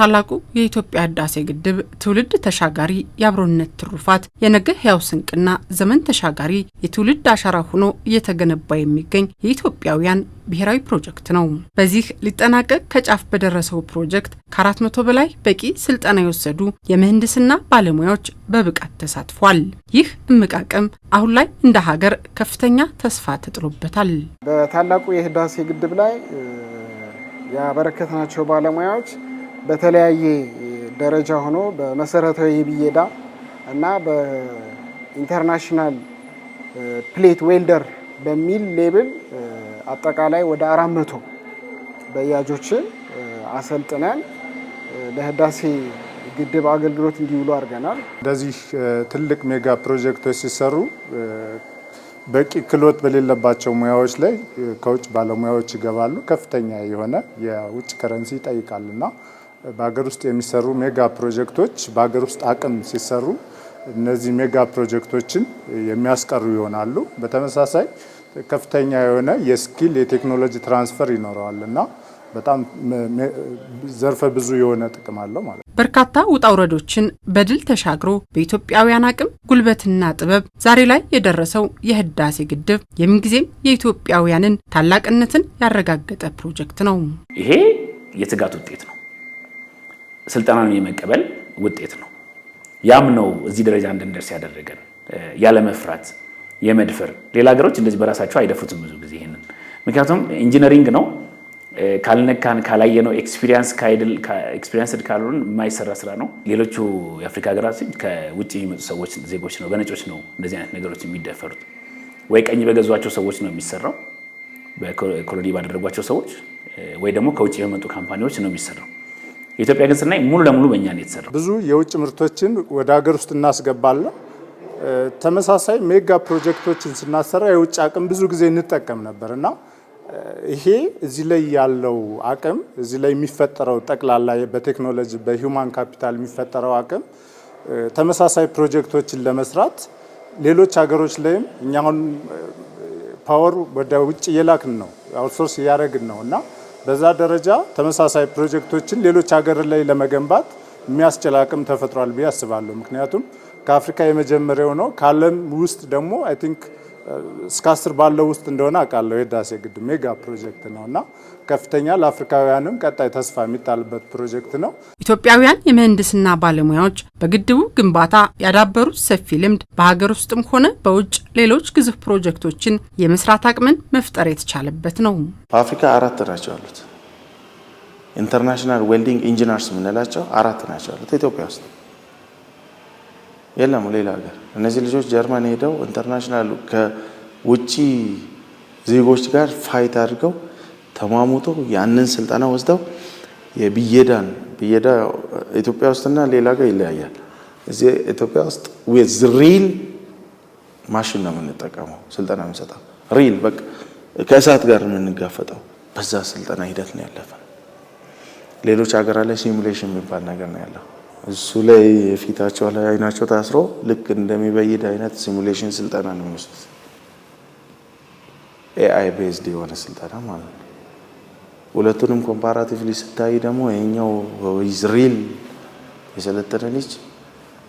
ታላቁ የኢትዮጵያ ህዳሴ ግድብ ትውልድ ተሻጋሪ የአብሮነት ትሩፋት፣ የነገ ህያው ስንቅና ዘመን ተሻጋሪ የትውልድ አሻራ ሆኖ እየተገነባ የሚገኝ የኢትዮጵያውያን ብሔራዊ ፕሮጀክት ነው። በዚህ ሊጠናቀቅ ከጫፍ በደረሰው ፕሮጀክት ከ መቶ በላይ በቂ ስልጠና የወሰዱ የምህንድስና ባለሙያዎች በብቃት ተሳትፏል። ይህ እምቅ አቅም አሁን ላይ እንደ ሀገር ከፍተኛ ተስፋ ተጥሎበታል። በታላቁ የህዳሴ ግድብ ላይ ያበረከትናቸው ባለሙያዎች በተለያየ ደረጃ ሆኖ በመሰረታዊ የብየዳ እና በኢንተርናሽናል ፕሌት ዌልደር በሚል ሌብል አጠቃላይ ወደ አራት መቶ በያጆችን አሰልጥነን ለህዳሴ ግድብ አገልግሎት እንዲውሉ አድርገናል። እንደዚህ ትልቅ ሜጋ ፕሮጀክቶች ሲሰሩ በቂ ክሎት በሌለባቸው ሙያዎች ላይ ከውጭ ባለሙያዎች ይገባሉ። ከፍተኛ የሆነ የውጭ ከረንሲ ይጠይቃልና በሀገር ውስጥ የሚሰሩ ሜጋ ፕሮጀክቶች በሀገር ውስጥ አቅም ሲሰሩ እነዚህ ሜጋ ፕሮጀክቶችን የሚያስቀሩ ይሆናሉ። በተመሳሳይ ከፍተኛ የሆነ የስኪል የቴክኖሎጂ ትራንስፈር ይኖረዋል እና በጣም ዘርፈ ብዙ የሆነ ጥቅም አለው ማለት ነው። በርካታ ውጣ ውረዶችን በድል ተሻግሮ በኢትዮጵያውያን አቅም ጉልበትና ጥበብ ዛሬ ላይ የደረሰው የህዳሴ ግድብ የምንጊዜም የኢትዮጵያውያንን ታላቅነትን ያረጋገጠ ፕሮጀክት ነው። ይሄ የትጋት ውጤት ነው። ስልጠናን የመቀበል ውጤት ነው። ያም ነው እዚህ ደረጃ እንድንደርስ ያደረገን። ያለመፍራት የመድፈር ሌላ ሀገሮች እንደዚህ በራሳቸው አይደፍሩትም ብዙ ጊዜ ይህንን። ምክንያቱም ኢንጂነሪንግ ነው ካልነካን ካላየነው ኤክስፒሪንስ ኤክስፒሪንስድ ካልሆን የማይሰራ ስራ ነው። ሌሎቹ የአፍሪካ ሀገራት ከውጭ የሚመጡ ሰዎች ዜጎች ነው በነጮች ነው እንደዚህ አይነት ነገሮች የሚደፈሩት። ወይ ቀኝ በገዟቸው ሰዎች ነው የሚሰራው፣ በኮሎኒ ባደረጓቸው ሰዎች ወይ ደግሞ ከውጭ የሚመጡ ካምፓኒዎች ነው የሚሰራው። የኢትዮጵያ ግን ስናይ ሙሉ ለሙሉ በእኛ ነው የተሰራው። ብዙ የውጭ ምርቶችን ወደ ሀገር ውስጥ እናስገባለን። ተመሳሳይ ሜጋ ፕሮጀክቶችን ስናሰራ የውጭ አቅም ብዙ ጊዜ እንጠቀም ነበር እና ይሄ እዚህ ላይ ያለው አቅም እዚህ ላይ የሚፈጠረው ጠቅላላ በቴክኖሎጂ በሂውማን ካፒታል የሚፈጠረው አቅም ተመሳሳይ ፕሮጀክቶችን ለመስራት ሌሎች ሀገሮች ላይም እኛ አሁን ፓወር ወደ ውጭ እየላክን ነው፣ አውትሶርስ እያደረግን ነው እና በዛ ደረጃ ተመሳሳይ ፕሮጀክቶችን ሌሎች ሀገር ላይ ለመገንባት የሚያስችል አቅም ተፈጥሯል ብዬ አስባለሁ። ምክንያቱም ከአፍሪካ የመጀመሪያው ነው። ከዓለም ውስጥ ደግሞ አይ ቲንክ እስከ አስር ባለው ውስጥ እንደሆነ አውቃለሁ። የህዳሴ ግድብ ሜጋ ፕሮጀክት ነው እና ከፍተኛ ለአፍሪካውያንም ቀጣይ ተስፋ የሚጣልበት ፕሮጀክት ነው። ኢትዮጵያውያን የምህንድስና ባለሙያዎች በግድቡ ግንባታ ያዳበሩት ሰፊ ልምድ በሀገር ውስጥም ሆነ በውጭ ሌሎች ግዙፍ ፕሮጀክቶችን የመስራት አቅምን መፍጠር የተቻለበት ነው። በአፍሪካ አራት ናቸው ያሉት ኢንተርናሽናል ዌልዲንግ ኢንጂነርስ የምንላቸው አራት ናቸው ያሉት ኢትዮጵያ ውስጥ የለም ሌላ ሀገር። እነዚህ ልጆች ጀርመን ሄደው ኢንተርናሽናል ከውጭ ዜጎች ጋር ፋይት አድርገው ተሟሙቶ ያንን ስልጠና ወስደው የብየዳን ብየዳ ኢትዮጵያ ውስጥና ሌላ ጋር ይለያያል። እዚህ ኢትዮጵያ ውስጥ ዊዝ ሪል ማሽን ነው የምንጠቀመው ስልጠና የምንሰጠው ሪል በቃ ከእሳት ጋር የምንጋፈጠው በዛ ስልጠና ሂደት ነው ያለፈ። ሌሎች ሀገራት ላይ ሲሙሌሽን የሚባል ነገር ነው ያለው። እሱ ላይ ፊታቸው ላይ አይናቸው ታስሮ ልክ እንደሚበይድ አይነት ሲሙሌሽን ስልጠና ነው የሚወስዱት። ኤአይ ቤዝድ የሆነ ስልጠና ማለት ነው። ሁለቱንም ኮምፓራቲቭሊ ስታይ ደግሞ ይሄኛው ሪል የሰለጠነ ልጅ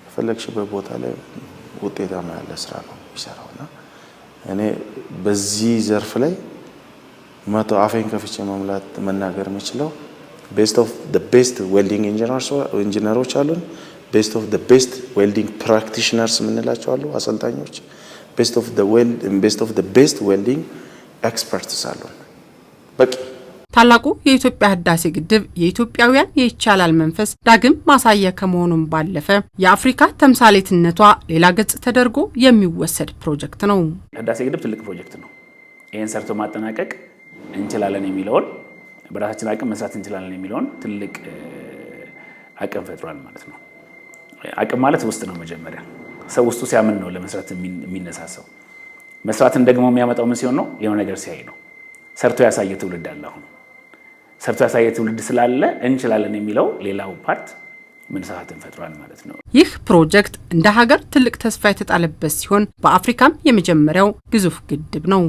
የፈለግሽበት ቦታ ላይ ውጤታማ ያለ ስራ ነው የሚሰራው እና እኔ በዚህ ዘርፍ ላይ መቶ አፌን ከፍቼ መምላት መናገር የምችለው ቤስት ኦፍ ዘ ቤስት ዌልዲንግ ኢንጂነሮች አሉን። ቤስት ኦፍ ዘ ቤስት ዌልዲንግ ፕራክቲሽነርስ የምንላቸው አሉ፣ አሰልጣኞች። ቤስት ኦፍ ዘ ቤስት ዌልዲንግ ኤክስፐርትስ አሉን። በቂ ታላቁ የኢትዮጵያ ህዳሴ ግድብ የኢትዮጵያውያን የይቻላል መንፈስ ዳግም ማሳያ ከመሆኑም ባለፈ የአፍሪካ ተምሳሌትነቷ ሌላ ገጽ ተደርጎ የሚወሰድ ፕሮጀክት ነው። ህዳሴ ግድብ ትልቅ ፕሮጀክት ነው። ይህን ሰርቶ ማጠናቀቅ እንችላለን የሚለውን በራሳችን አቅም መስራት እንችላለን የሚለውን ትልቅ አቅም ፈጥሯል ማለት ነው። አቅም ማለት ውስጥ ነው። መጀመሪያ ሰው ውስጡ ሲያምን ነው ለመስራት የሚነሳሰው። መስራትን ደግሞ የሚያመጣው ምን ሲሆን ነው? የሆነ ነገር ሲያይ ነው። ሰርቶ ያሳየ ትውልድ አለ። አሁን ሰርቶ ያሳየ ትውልድ ስላለ እንችላለን የሚለው ሌላው ፓርት መነሳሳትን ፈጥሯል ማለት ነው። ይህ ፕሮጀክት እንደ ሀገር ትልቅ ተስፋ የተጣለበት ሲሆን በአፍሪካም የመጀመሪያው ግዙፍ ግድብ ነው።